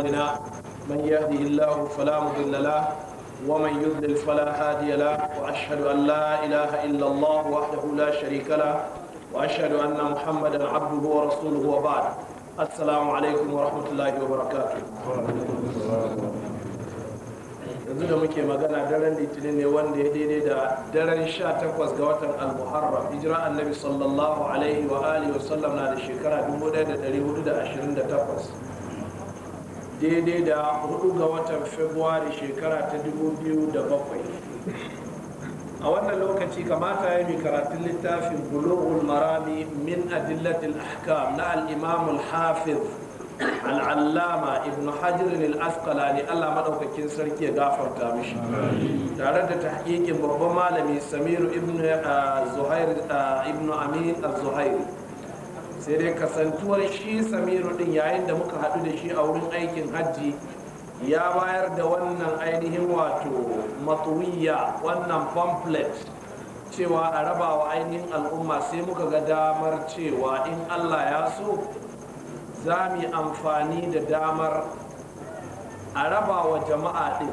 هنا من يهده الله فلا مضل له ومن يضلل فلا هادي له واشهد ان لا اله الا الله وحده لا شريك له واشهد ان محمدا عبده ورسوله وبعد السلام عليكم ورحمه الله وبركاته yanzu da muke magana daren litinin ne wanda ya daidai da daren 18 ga watan al-muharram hijira annabi sallallahu alaihi wa alihi wa sallam na da shekara 1428 daidai da hudu ga watan februari shekara ta da bakwai. a wannan lokaci kamata ya yi karatun littafin bulughul marami min adillatil ahkam na al-imam al-hafiz al'allama ibn hajirin ne allah maɗaukakin sarki ya gafarta mishi tare da tahqiqin babban malami samiru ibn eh, zuhair eh, amin al-zuhairi sai dai kasantuwar shi samiru din yayin da muka haɗu da shi a wurin aikin hajji ya bayar da wannan ainihin wato matuwiya wannan pamphlet cewa a raba wa ainihin al'umma sai muka ga damar cewa in allah ya so za mu amfani da damar a raba wa jama'a din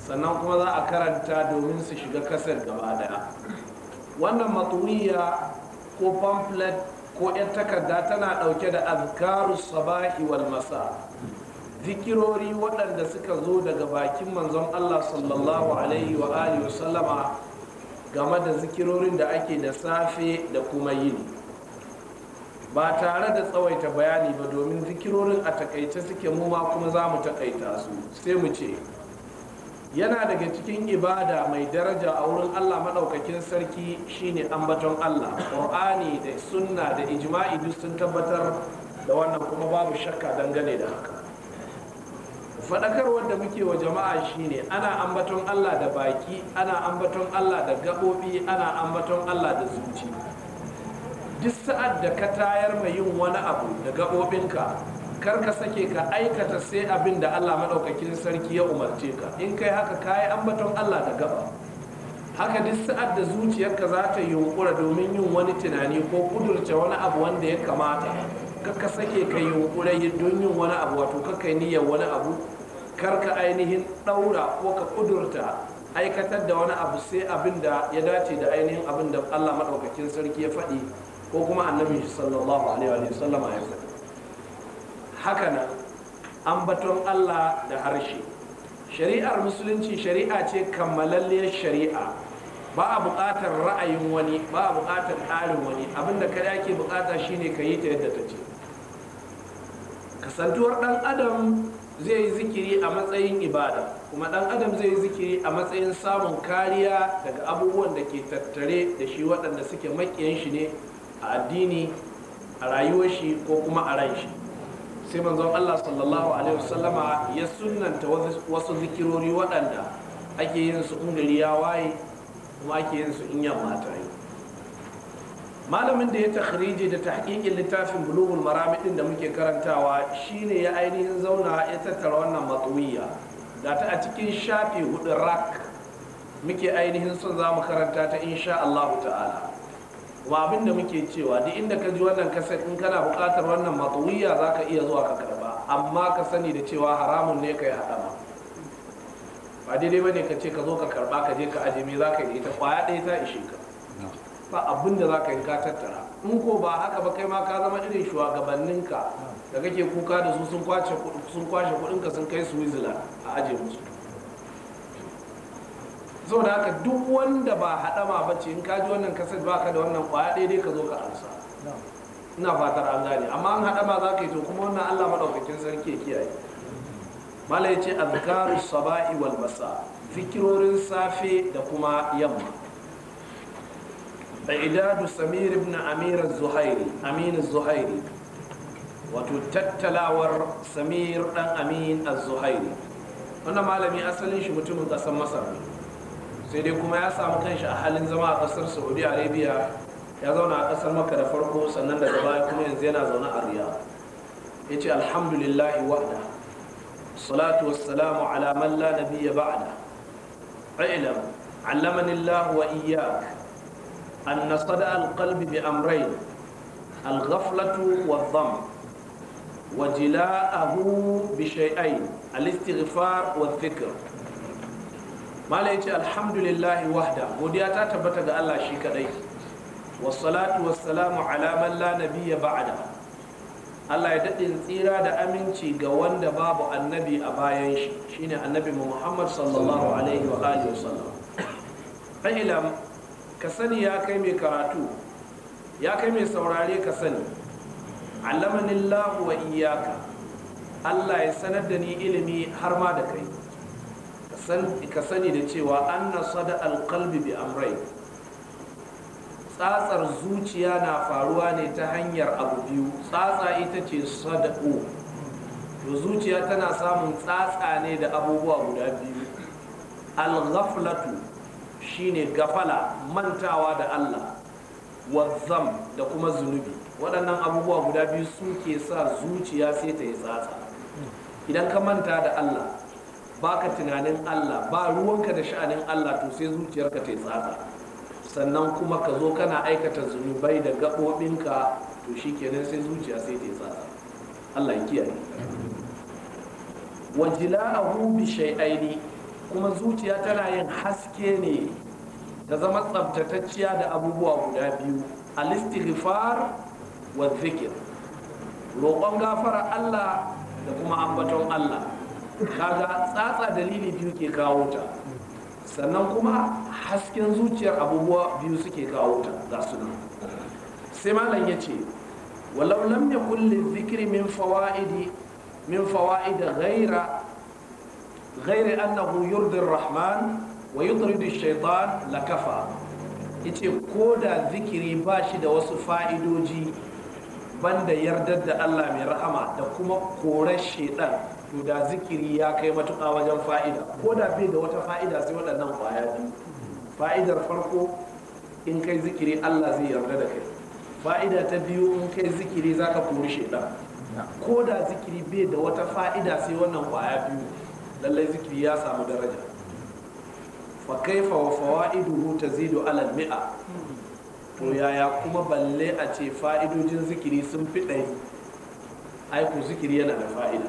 sannan kuma za a karanta domin su shiga kasar gaba daya wannan matuwiya ko pamphlet ko 'yan takarda tana ɗauke da azkaru sabahi wal masa zikirori waɗanda suka zo daga bakin manzon Allah sallallahu alaihi wa alihi wa sallama game da zikirorin da ake da safe da kuma yini ba tare da tsawaita bayani ba domin zikirorin a takaice suke muma kuma za mu takaita su sai mu ce yana daga cikin ibada mai daraja a wurin Allah maɗaukakin sarki shine ambaton Allah ƙur'ani da sunna da ijma'i duk sun tabbatar da wannan kuma babu shakka dangane da haka faɗakarwar da muke wa jama'a shine ana ambaton Allah da baki ana ambaton Allah da gaɓoɓi ana ambaton Allah da zuci duk sa'ad da ka tayar mai yin wani abu da gaɓoɓinka kar ka sake ka aikata sai abin da Allah maɗaukakin sarki ya umarce ka in kai haka kayi ambaton Allah da gaba haka duk sa'ad da zuciyarka za ta yunkura domin yin wani tunani ko kudurce wani abu wanda ya kamata ka sake ka yunkura don yin wani abu wato kakai niyyar wani abu kar ka ainihin ɗaura ko ka kudurta aikatar da wani abu sai abin da ya dace da ainihin abin da Allah maɗaukakin sarki ya faɗi ko kuma annabi sallallahu alaihi wa sallam ya faɗi nan haka an ambaton allah da harshe shari'ar musulunci shari'a ce kammalalliyar shari'a ba a buƙatar ra'ayin wani ba a buƙatar ƙarin wani abinda ka ake buƙata shine ka yi ta yadda ta ce kasantuwar ɗan adam zai yi zikiri a matsayin ibada kuma ɗan adam zai yi zikiri a matsayin samun kariya daga abubuwan da ke tattare da shi waɗanda suke makiyan shi ne a addini a rayuwar shi ko kuma a ran shi sai manzon Allah sallallahu alaihi wasallama ya sunnanta wasu zikirori waɗanda ake yin su in gari ya waye kuma ake yin su in yamma ta yi malamin da ya takhriji da tahqiqin littafin bulughul marami din da muke karantawa shine ya ainihin zauna ya tattara wannan matuwiya ga ta a cikin shafi hudu rak muke ainihin son za mu karanta ta insha Allah ta'ala wa abin da muke cewa duk inda ka ji wannan kaset in kana bukatar wannan matsuwiya za ka iya zuwa ka karba amma ka sani da cewa haramun ne ka yi haɗa ba daidai ba ne ka ce ka zo ka karba ka je ka aje me za ka yi ita kwaya ɗaya ta ishe ka ba abin da za ka yi ka tattara in ko ba haka ba kai ma ka zama irin ka da kake kuka da su sun kwashe ka sun kai su a aje musu zo da haka duk wanda ba haɗama ba ce in kaji wannan kasar ba ka da wannan kwaya daidai ka zo ka amsa. ina fatar an gane amma an haɗama za ka yi to kuma wannan allah maɗaukakin sarki kiyaye mala ya ce azkaru saba'i wal masa safe da kuma yamma idadu samir ibn amir zuhairi amin zuhairi wato tattalawar samir dan amin zuhairi wannan malami asalin shi mutumin ƙasar masar ne sai dai kuma ya samu kanshi a halin zama a kasar saudi arabia ya zauna a kasar maka da farko sannan daga baya kuma yanzu yana zaune a riyadh ya ce alhamdulillahi wa'ada salatu wassalamu ala man la nabiyya ba'da ilam allamani allah wa iyyak an nasada alqalbi bi amrayn alghaflatu wadh-dhamm وجلاءه بشيئين الاستغفار والذكر mala ce alhamdulillahi wahda godiya ta tabbata ga Allah shi kadai wassalatu wassalamu ala man la nabiyya ba'da Allah ya daɗin tsira da aminci ga wanda babu annabi a bayan shi shine annabi Muhammad sallallahu alaihi wa alihi wasallam fahilam ka sani ya kai mai karatu ya kai mai saurare ka sani allamanillahu wa iyyaka Allah ya sanar da ni ilimi har ma da kai ka sani da cewa an na sada alkalbi bi amrai tsatsar zuciya na faruwa ne ta hanyar abu biyu tsatsa ita ce sada'u to zuciya tana samun tsatsa ne da abubuwa guda biyu alghaflatu shi shine gafala mantawa da Allah wazzam da kuma zunubi waɗannan abubuwa guda biyu suke sa zuciya sai ta yi tsatsa idan ka manta da Allah Ba ka tunanin Allah ba ruwanka da sha'anin Allah to sai zuciyarka ta tsatsa sannan kuma ka zo kana aikata zunubai da gaɓoɓinka to shi kenan sai zuciya sai ta tsatsa Allah ya kiyaye wajila'ahu bi shay'aini kuma zuciya tana yin haske ne ta zama tsabtatacciya da abubuwa guda biyu alistighfar wa zikir, roƙon gafara Allah da kuma ambaton Allah kaga tsatsa dalili biyu ke kawo ta sannan kuma hasken zuciyar abubuwa biyu suke kawo ta ga su nan sai malam ya ce walau lam kulle zikiri min fawaidi min fawaid ghaira ghaira annahu rahman wa yutridu ash lakafa yace ko da zikiri ba shi da wasu fa'idoji banda yardar da Allah mai rahama da kuma korar shaitan to da zikiri ya kai matuƙa wajen fa'ida ko da bai da wata fa'ida sai waɗannan ƙwaya biyu fa'idar farko in kai zikiri Allah zai yarda da kai fa'ida ta biyu in kai zikiri za ka kuri shaidan ko da zikiri bai da wata fa'ida sai wannan ƙwaya biyu lallai zikiri ya samu daraja fa kaifa wa fawaiduhu tazidu ala mi'a to yaya kuma balle a ce fa'idojin zikiri sun fi ɗai ai zikiri yana da fa'ida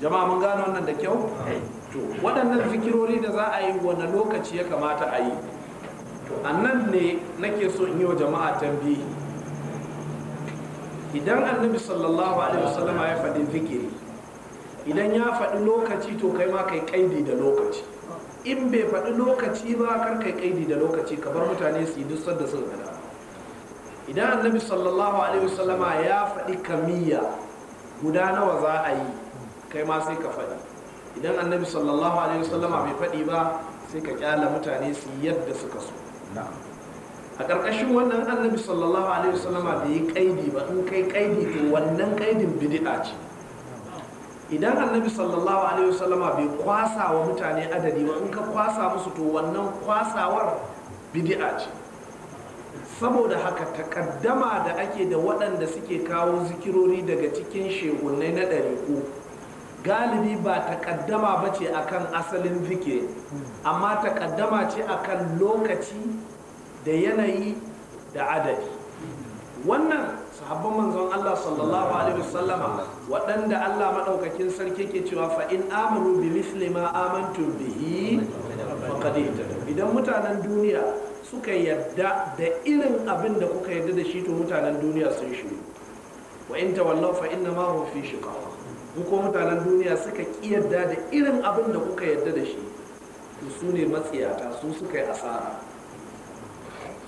jama'a mun gano wannan da kyau eh. to waɗannan fikirori da za a yi wani lokaci ya kamata a yi to annan ne nake so in yi wa jama'a tambayi idan annabi sallallahu alaihi wasallama ya faɗi fikiri, idan ya faɗi lokaci to kai ma kai kaidi da lokaci in bai faɗi lokaci ba kar kai kaidi da lokaci kamar mutane su yi duk sanda sun gada idan annabi sallallahu alaihi wasallama ya faɗi kamiyya guda nawa za a yi kai ma sai ka faɗi idan annabi sallallahu alaihi wasallam bai faɗi ba sai ka kyala mutane su yadda suka so a ƙarƙashin wannan annabi sallallahu alaihi wasallam bai yi kaidi ba in kai kaidi to wannan kaidin bid'a ce idan annabi sallallahu alaihi wasallam bai kwasa wa mutane adadi ba in ka kwasa musu to wannan kwasawar bid'a ce saboda haka takaddama da ake da waɗanda suke kawo zikirori daga cikin shegunai na uku. galibi ba takaddama ba ce akan asalin fike amma takaddama ce akan lokaci da yanayi da adadi wannan sahabban manzon Allah sallallahu alaihi wasallama waɗanda Allah maɗaukakin sarki ke cewa fa in bi misli ma bihi faqad idan mutanen duniya suka yadda da irin abin da kuka yadda da shi to mutanen duniya sun shiru wa in tawallaw fa inna ma ku ko mutanen duniya suka ƙi yadda da irin abin da kuka yarda da shi to su ne matsiyata su suka yi asara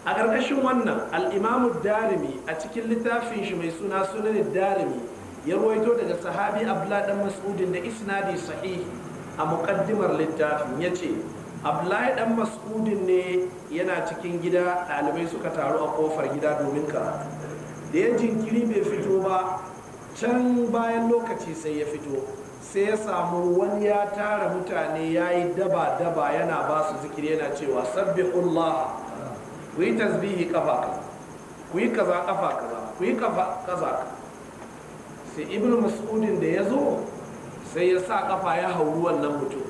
a ƙarƙashin wannan al'imamu darimi a cikin littafin shi mai suna sunan darimi ya ruwaito daga sahabi abla dan mas'udin da isnadi sahihi a muƙaddimar littafin ya ce abdullahi dan mas'udin ne yana cikin gida ɗalibai suka taru a ƙofar gida domin ka, da ya jinkiri bai fito ba can bayan lokaci sai ya fito sai ya samu wani ya tara mutane ya yi daba-daba yana ba su zikiri yana cewa sabbihullah ku yi tasbihi kafa ka, ku yi kaza kafa kaza ku yi kafa kaza sai ibn mas'udin da ya zo sai ya sa kafa ya hauri wannan mutum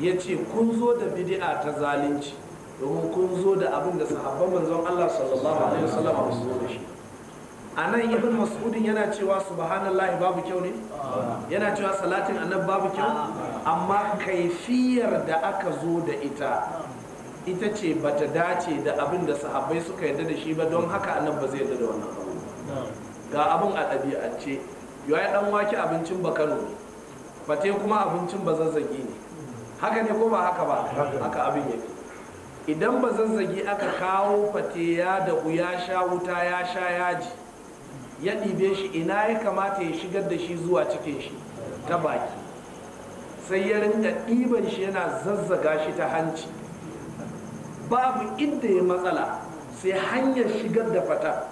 ya ce kun zo da bidi'a ta zalunci domin kun zo da abin da sahabban manzon Allah sallallahu alaihi wasallam su zo da shi a nan ibn mas'udin yana cewa subhanallah babu kyau ne yana cewa salatin annab babu kyau amma kaifiyar da aka zo da ita ita ce bata dace da abin da sahabbai suka yarda da shi ba don haka annab ba zai yarda da wannan abu ga abin a ɗabi'ance yayi dan wake abincin bakano ne bate kuma abincin bazazzagi ne haka ne ko ba haka ba haka abin yake idan bazazzagi aka kawo fate ya da ya sha wuta ya sha yaji ya ɗibe shi ina ya kamata ya shigar da shi zuwa cikin shi ta baki sai ya rinda ɗiban shi yana zazzaga shi ta hanci babu inda ya matsala sai hanyar shigar da fata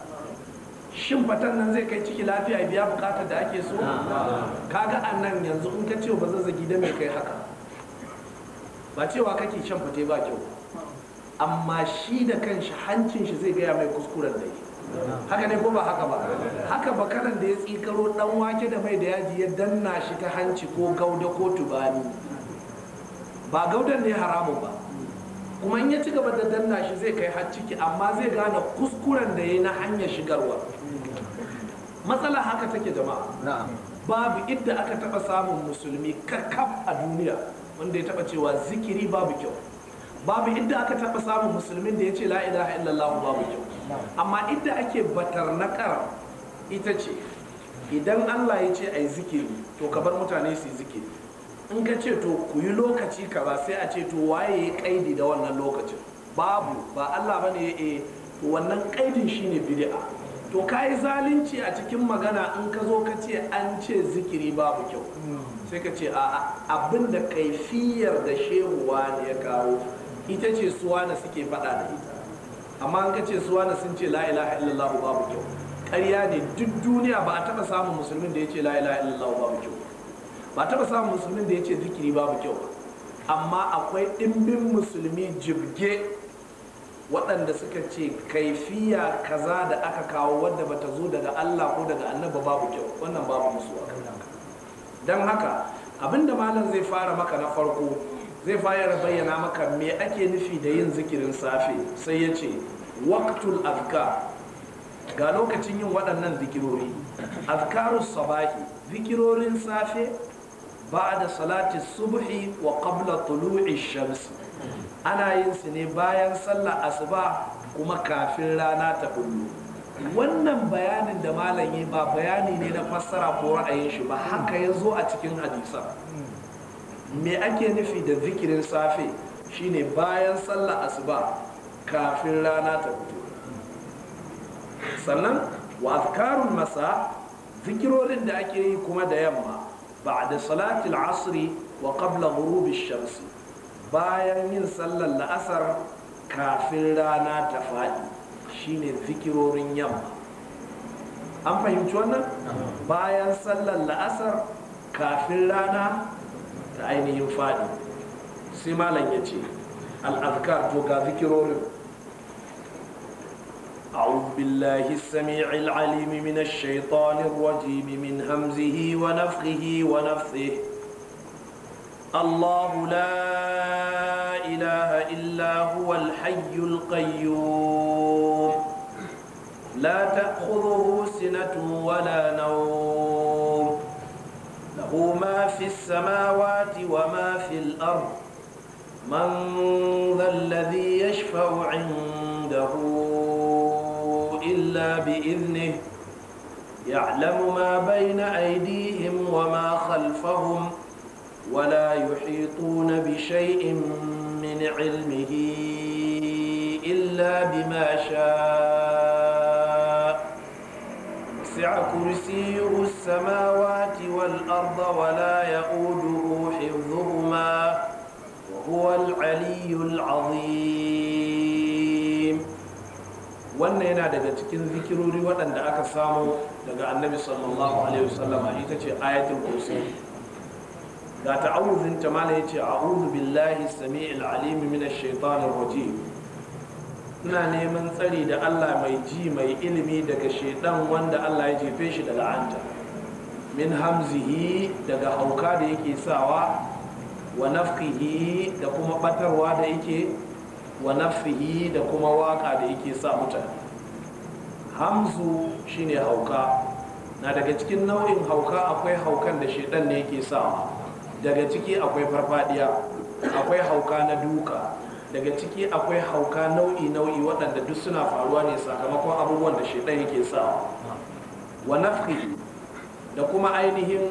shin fatan nan zai kai ciki lafiya biya bukatar da ake so kaga a nan yanzu in ka ce ba zazzagi da mai kai haka ba cewa kake shan fate ba kyau amma shi da kanshi hancin shi zai gaya mai kuskuren da yi haka ne ko ba haka ba haka bakaran da ya tsikaro dan wake da mai da yaji ya danna shi ka hanci ko gauda ko tubani ba gaudan ne haramun ba kuma in ya ci gaba da danna shi zai kai har ciki amma zai gane kuskuren da ya na hanyar shigarwa matsala haka take jama'a babu idda aka taba samun musulmi kakaf a duniya wanda ya taba cewa zikiri babu kyau babu idda aka taba samun musulmin da ya ce la ilaha illallah babu kyau amma inda ake batar na nakara ita ce idan allah ya ce a zikiri to ka bar mutane su yi zikiri in ka ce to ku yi lokaci kaza sai a ce to waye ya kaidi da wannan lokacin babu ba allah ba ne ya to wannan kaidin shine bid'a to ka yi zalunci a cikin magana in ka zo ka ce an ce zikiri babu kyau sai ka ce abin da kaifiyar da shehuwa ne ya kawo ita ce suwa na suke faɗa da ita amma an kace su wani sun ce la ilaha illallah babu kyau ƙarya ne duk duniya ba a taɓa samun musulmin da ya ce la ilaha illallah babu kyau ba a taɓa samun musulmin da ya ce zikiri babu kyau amma akwai ɗimbin musulmi jibge waɗanda suka ce kaifiya kaza da aka kawo wadda bata zo daga Allah ko daga annaba babu kyau wannan babu musu kan haka don haka abinda malam zai fara maka na farko zai fara bayyana maka me ake nufi da yin zikirin safe sai ya ce waqtul afka ga lokacin yin waɗannan zikirori Askaru sabahi zikirorin safe ba da salati subhi wa qabla tulu'i shamsi. ana yin su ne bayan sallar asuba kuma kafin rana ta kullu wannan bayanin da malam yi ba bayani ne na fassara ko ra'ayin shi ba haka ya zo a cikin hadisan me ake nufi da zikirin safe shine bayan sallah asuba kafin rana ta fito sannan wa azkarun masa zikirorin da ake yi kuma da yamma ba'da salatil asri wa qabla ghurubish shams bayan yin sallar la'asar kafin rana ta faɗi shine zikirorin yamma an fahimci wannan bayan sallar la'asar kafin rana ta ainihin faɗi sai malam ya ce al'adkar أعوذ بالله السميع العليم من الشيطان الرجيم من همزه ونفخه ونفثه الله لا إله إلا هو الحي القيوم لا تأخذه سنة ولا نوم له ما في السماوات وما في الأرض من ذا الذي يشفع عنده إلا بإذنه يعلم ما بين أيديهم وما خلفهم ولا يحيطون بشيء من علمه إلا بما شاء وسع كرسيه السماوات والأرض ولا يؤوده حفظهما وهو العلي العظيم wannan yana daga cikin zikirori waɗanda aka samo daga annabi sallallahu alaihi wasallama ita ce ayatul kursi ga ta'awuzinta mala yace a'udhu billahi samii'il alim minash shaitanir rajim ina neman tsari da Allah mai ji mai ilimi daga shedan wanda Allah ya jefe shi da la'anta min hamzihi daga hauka da yake sawa wa nafkihi da kuma batarwa da yake wa nafihi da kuma waka da yake sa mutane hamzu shine hauka na daga cikin nau'in hauka akwai haukan da shedan ne yake sawa daga ciki akwai farfadiya akwai hauka na duka daga ciki akwai hauka nau'i nau'i waɗanda duk suna faruwa ne sakamakon abubuwan da shaidan yake sa wa nafhi da kuma ainihin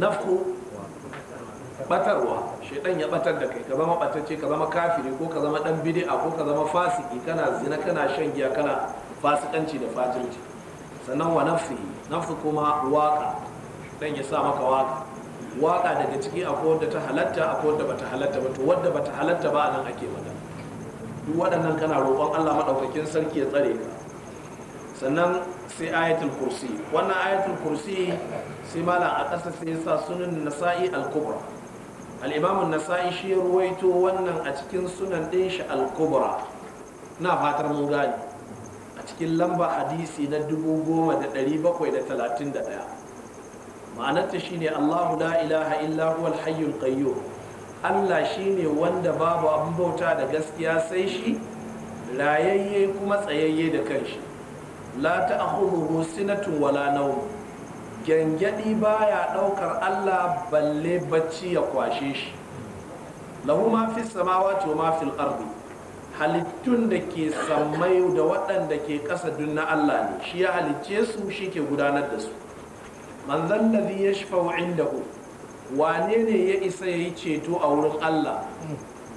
nafku batarwa shaidan ya batar da kai ka zama batacce ka zama kafiri ko ka zama dan bid'a ko ka zama fasiki kana zina kana shan giya kana fasikanci da fajirci sannan wa nafsi nafsu kuma waka dan ya sa maka waka waka daga ciki a wanda ta halatta akwai wanda bata halatta ba to wadda bata halatta ba nan ake magana duk waɗannan kana roƙon Allah maɗaukakin sarki ya tsare ka sannan sai ayatul kursi wannan ayatul kursi sai malam a ƙasa sai sa sunan nasa'i al-kubra al-imam nasai shi ruwaito wannan a cikin sunan ɗin shi al-kubra na fatar mun gani a cikin lamba hadisi na 10731 ma'anarta ne Allahu la ilaha illa huwal hayyul qayyum Allah ne wanda babu abin bauta da gaskiya sai shi rayayye kuma tsayayye da kanshi la ta'khudhuhu sinatun wala nawm gangadi baya daukar Allah balle bacci ya kwashe shi lahu ma fi samawati wa ma fil ardi halittun da ke sammai da waɗanda ke ƙasa dunna na Allah ne shi ya halicce su shi ke gudanar da su man zan ladhi yashfa'u ku. wane ne ya isa ya yi ceto a wurin Allah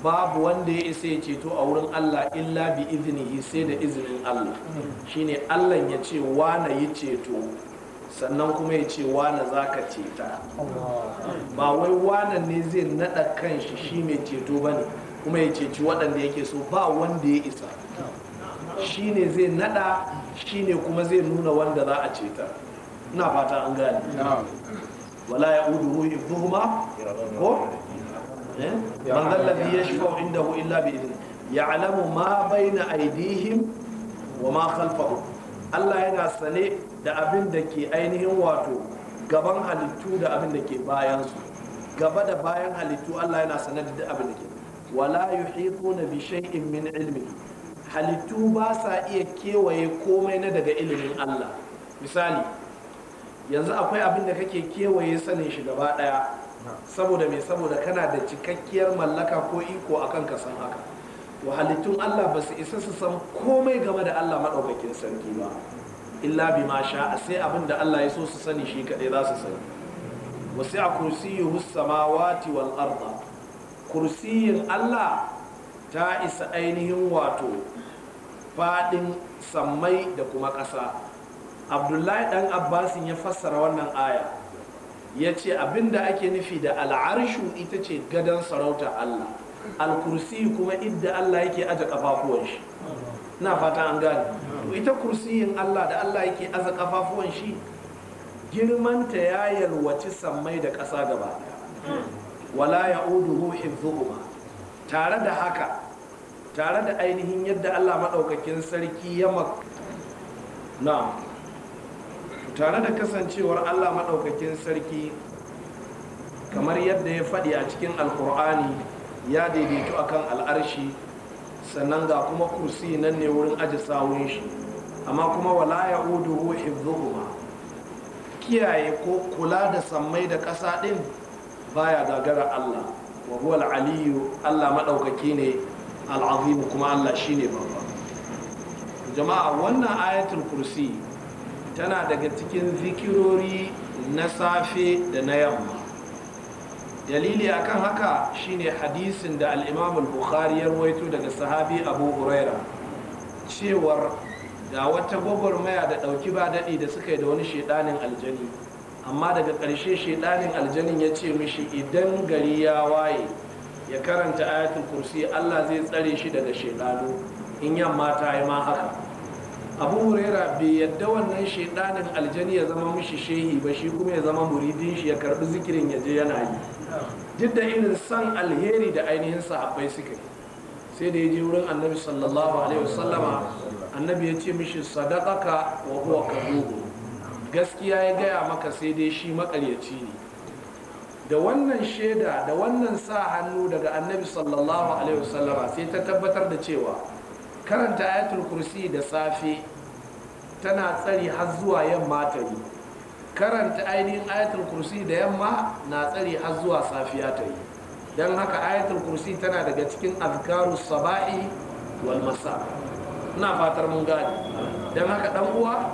babu wanda ya isa ya ceto a wurin Allah illa bi iznihi sai da izinin Allah shine Allah ya ce wane yi ceto sannan kuma ya ce wane za ka ceta ba wai wane ne zai naɗa kan shi shi mai ceto ba ne kuma ya ceci waɗanda yake so ba wanda ya isa shi ne zai naɗa shi ne kuma zai nuna wanda za a ceta ina fata an gane wala eh? ya udu ibnuhuma ko man alladhi yashfa'u indahu illa bi idni ya'lamu ma bayna aydihim wa ma khalfahum Allah yana sane da abin da ke ainihin wato gaban halittu da abin da ke bayansu gaba da bayan halittu Allah yana sane da abin da ke wala yuhituna bi shay'in min ilmi halittu ba sa iya kewaye komai na daga ilimin Allah misali yanzu akwai abin da kake kewaye sanin shi gaba daya saboda mai saboda kana da cikakkiyar mallaka ko iko a kan san haka wa Allah ba su isa su san komai game da Allah maɗaukakin sarki ba illa bi ma sha'a sai abin da Allah ya so su sani shi kaɗai za su sani wasu a ma samawati wal arda kursiyin Allah ta isa ainihin wato faɗin sammai da kuma ƙasa abdullahi dan abbasin ya fassara wannan aya ya ce abinda ake nufi da al'arshu ita ce gadon sarauta allah al-kursi kuma idda allah yake aje kafafuwan shi na fata an gane ita kursiyin allah da allah yake aza kafafuwan shi girmanta ya yalwaci sammai da ƙasa gaba wala ya uduhu hifzuhuma tare da haka tare da ainihin yadda allah maɗaukakin sarki ya mak na tare da kasancewar allah maɗaukakin sarki kamar yadda ya faɗi a cikin alkur'ani ya daidaitu akan al'arshi sannan ga kuma kursi nan ne wurin aji sawun shi amma kuma wala ya uduhu hifdhuhuma kiyaye ko kula da sammai da ƙasa ɗin baya gagara Allah wa huwa al Allah maɗaukaki ne al'azimu kuma Allah shine babba jama'a wannan ayatul kursi tana daga cikin zikirori na safe da na yamma dalili akan haka shine hadisin da alimamul bukhari ya rawaito daga sahabi abu huraira cewar ga wata gwagwarmaya da ɗauki ba daɗi da suka yi da wani shaidanin aljani amma daga ƙarshe shaidanin aljanin ya ce mishi idan gari ya waye ya karanta ayatul kursi allah zai tsare shi daga shaidanu in yamma ta yi ma haka abu huraira bai yadda wannan shaidanin aljani ya zama mishi shehi ba shi kuma ya zama muridin shi ya karbi zikirin ya je yana yi duk da irin san alheri da ainihin sahabbai suka yi sai da ya je wurin annabi sallallahu alaihi wasallama annabi ya ce mishi sadaqaka wa huwa kadhubu gaskiya ya gaya maka sai dai shi makaryaci ne da wannan shaida da wannan sa hannu daga annabi sallallahu alaihi wasallama sai ta tabbatar da cewa karanta ayatul kursi da safe tana tsari har zuwa yamma ta yi karanta ainihin ayatul kursi da yamma na tsari har zuwa safiya ta yi don haka ayatul kursi tana daga cikin azkaru saba'i wal masa ina fatar mun gane don haka dan uwa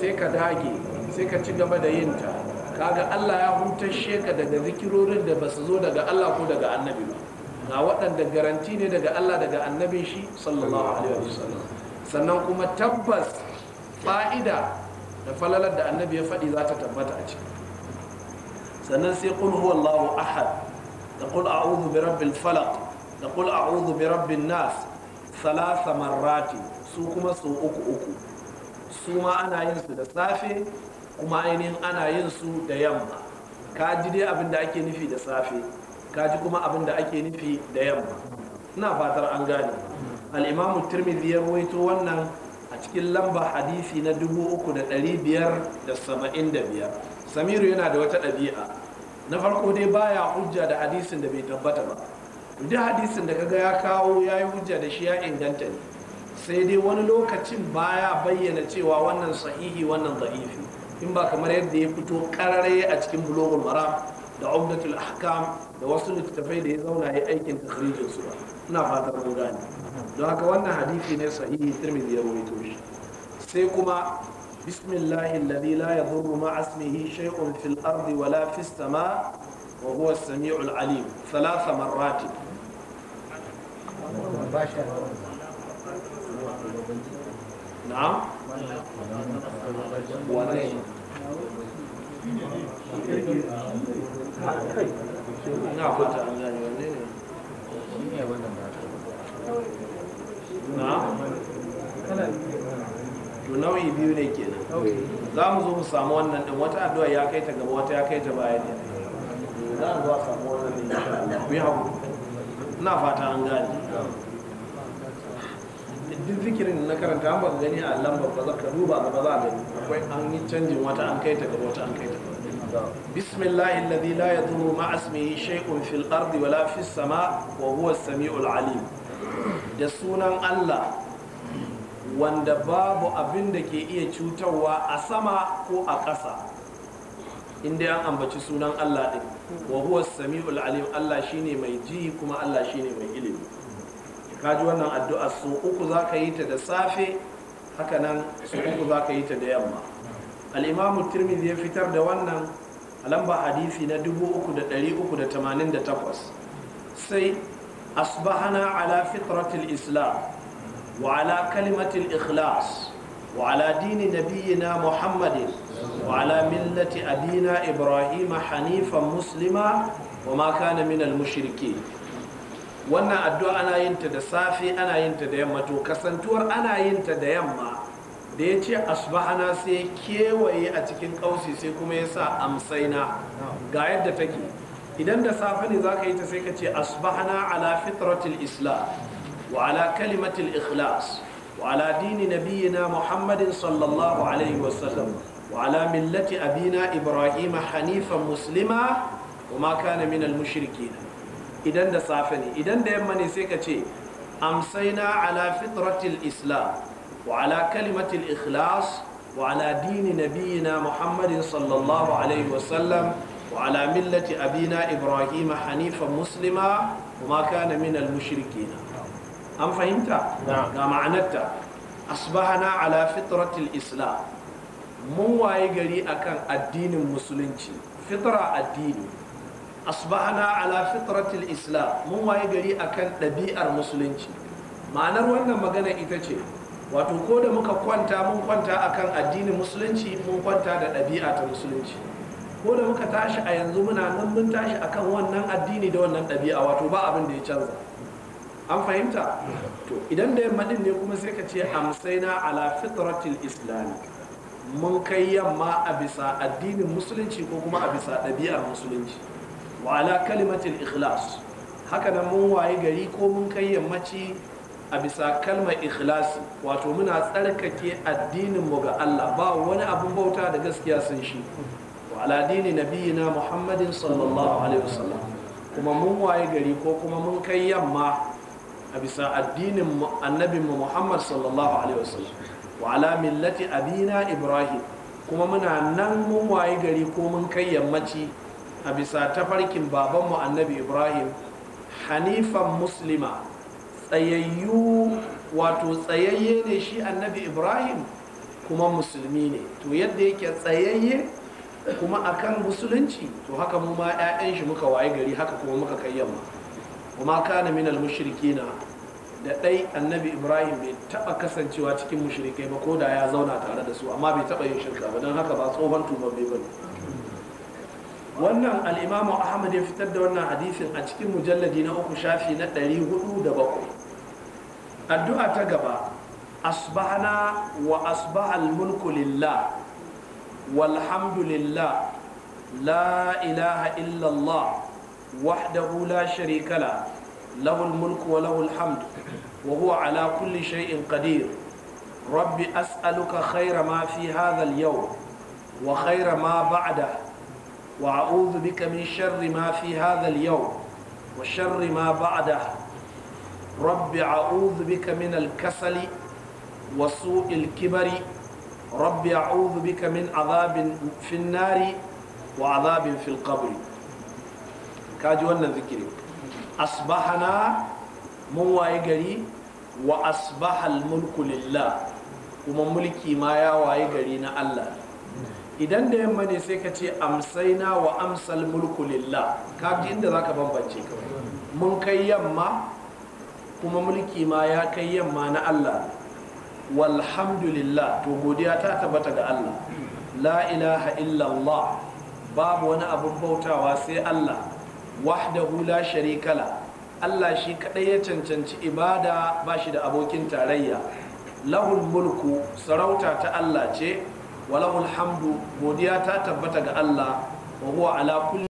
sai ka dage sai ka ci gaba da yin ta kaga Allah ya hutar ka daga zikirorin da basu zo daga Allah ko daga annabi ba ga waɗanda garanti ne daga Allah daga annabin shi sallallahu alaihi wasallam sannan kuma tabbas fa'ida da falalar da annabi ya faɗi za ta tabbata a ciki sannan sai qul huwallahu ahad da qul a'udhu bi rabbil falaq da qul a'udhu bi rabbin nas thalatha marrati su kuma su uku uku su ma ana yin su da safe kuma ainihin ana yin su da yamma ka ji dai abin da ake nufi da safe kaji kuma abin da ake nufi da yamma ina fatar an gane al'imamu turmizi ya wannan a cikin lamba hadisi na 3,575 samiru yana da wata ɗabi'a na farko dai baya hujja da hadisin da bai tabbata ba duk hadisin da kaga ya kawo ya yi hujja da shi ya inganta ne sai dai wani lokacin baya bayyana cewa wannan sahihi wannan za'ifi in ba kamar yadda ya fito karare a cikin bulogul maram كعمدة الأحكام لوصل اكتفي له زونا هي أي كن تخريج الصورة نا فات القرآن ده كوننا حديث نه صحيح ترمي يروي توش سيكما بسم الله الذي لا يضر مع اسمه شيء في الأرض ولا في السماء وهو السميع العليم ثلاث مرات نعم nau'i biyu ne kenan za mu zo mu samu wannan din wata addu'a ya kai ta gaba wata ya kai ta baya ne za mu zo a samu wannan din ku yi haƙuri ina fata an gani duk zikirin na karanta an ba gani a lambar ba za ka duba ba za a gani akwai an yi canjin wata an kai ta gaba wata an kai ta gaba بسم الله الذي لا يضر مع اسمه شيء في الأرض ولا في السماء وهو السميع العليم da sunan Allah wanda babu abin da ke iya cutarwa a sama ko a ƙasa inda an ambaci sunan Allah ɗin wa huwa sami'ul alim Allah shine mai ji kuma Allah shine mai ilimi ka ji wannan addu'a su uku ka yi ta da safe haka nan su uku ka yi ta da yamma al-imamu tirmidhi ya fitar da wannan a lamba hadisi na 3388 sai asbahana ala fitratil islam wa ala kalimatil ikhlas wa ala dini nabiyyina muhammadin wa ala millati abina ibrahima hanifan muslima wa ma kana minal mushirki. wannan addu'a ana yin ta da safe ana yin ta da yamma to kasantuwar ana yin ta da yamma da ya ce asbahana sai kewaye a cikin kausi sai kuma ya sa amsaina ga yadda take idan da safe ne za ka yi ta sai ka ce asbahana ala fitratul islam wa ala kalimatul ikhlas wa ala dini nabiyina muhammadin sallallahu alaihi wasallam wa ala millati abina ibrahima hanifan muslima wa ma kana minal mushrikin idan da safe ne idan da yamma ne sai ka ce amsaina ala fitratul islam وعلى كلمة الإخلاص وعلى دين نبينا محمد صلى الله عليه وسلم وعلى ملة أبينا إبراهيم حنيفا مسلما وما كان من المشركين أم فهمت؟ نعم نعم معنتا أصبحنا على فطرة الإسلام مو يجري أكان الدين المسلم فطرة الدين أصبحنا على فطرة الإسلام مو يجري أكان تبيئة المسلم معنى وانا مغانا إتاكي wato ko da muka kwanta mun kwanta akan addinin musulunci mun kwanta da ɗabi'a ta musulunci ko da muka tashi a yanzu muna nan mun tashi akan wannan addini da wannan ɗabi'a wato ba abin da ya canza an fahimta to idan da yamma din ne kuma sai ka ce amsaina ala fitratil islam mun kai yamma a bisa addinin musulunci ko kuma a bisa ɗabi'ar musulunci wa ala kalimatil ikhlas haka nan mun wayi gari ko mun kai yammaci a bisa kalmar ikhlasi wato muna tsarkake addininmu ga Allah ba wani abin bauta da gaskiya sun shi wa ala dini nabiyina muhammadin sallallahu alaihi wasallam kuma mun waye gari ko kuma mun kai yamma a bisa addinin annabinmu muhammad sallallahu alaihi wasallam wa ala millati abina ibrahim kuma muna nan mun waye gari ko mun kai yammaci a bisa tafarkin babanmu annabi ibrahim hanifan muslima tsayayyu wato tsayayye ne shi annabi ibrahim kuma musulmi ne to yadda yake tsayayye kuma akan musulunci to haka mu ma 'ya'yan shi muka waye gari haka kuma muka kai yamma kuma kana minal na. da ɗai annabi ibrahim bai taɓa kasancewa cikin mushrikai ba ko da ya zauna tare da su amma bai taɓa yin shirka ba don haka ba tsohon tubabbe ba ne wannan al'imamu ahmad ya fitar da wannan hadisin a cikin mujalladi na uku shafi na ɗari hudu da bakwai addu'a ta gaba asbahana wa asbahal mulku lillah walhamdulillah la ilaha illallah wahdahu la sharika la lahul mulku wa lahu hamdu wa huwa ala kulli shay'in qadir rabbi as'aluka khayra ma fi hadha al wa khayra ma ba'da wa a'udhu bika min sharri ma fi hadha al wa sharri ma ba'da rabbi a'udhu bika min al-kasali rabbi a'udhu min azabin fin wa azabin fil qabri kaji wannan zikiri asbahana mun waye gari wa asbahal mulku lillah kuma mulki ma ya waye gari na Allah idan da yamma ne sai ka ce amsaina wa amsal mulku lillah ka ji inda zaka bambance kawai mun kai yamma kuma mulki ma ya kai yamma na Allah walhamdulillah to godiya ta tabbata ga Allah la ilaha illallah babu wani abin bautawa sai Allah wahdahu la sharikala Allah shi kadai ya cancanci ibada ba shi da abokin tarayya lahul mulku sarauta ta Allah ce walahul hamdu godiya ta tabbata ga Allah wa huwa ala kulli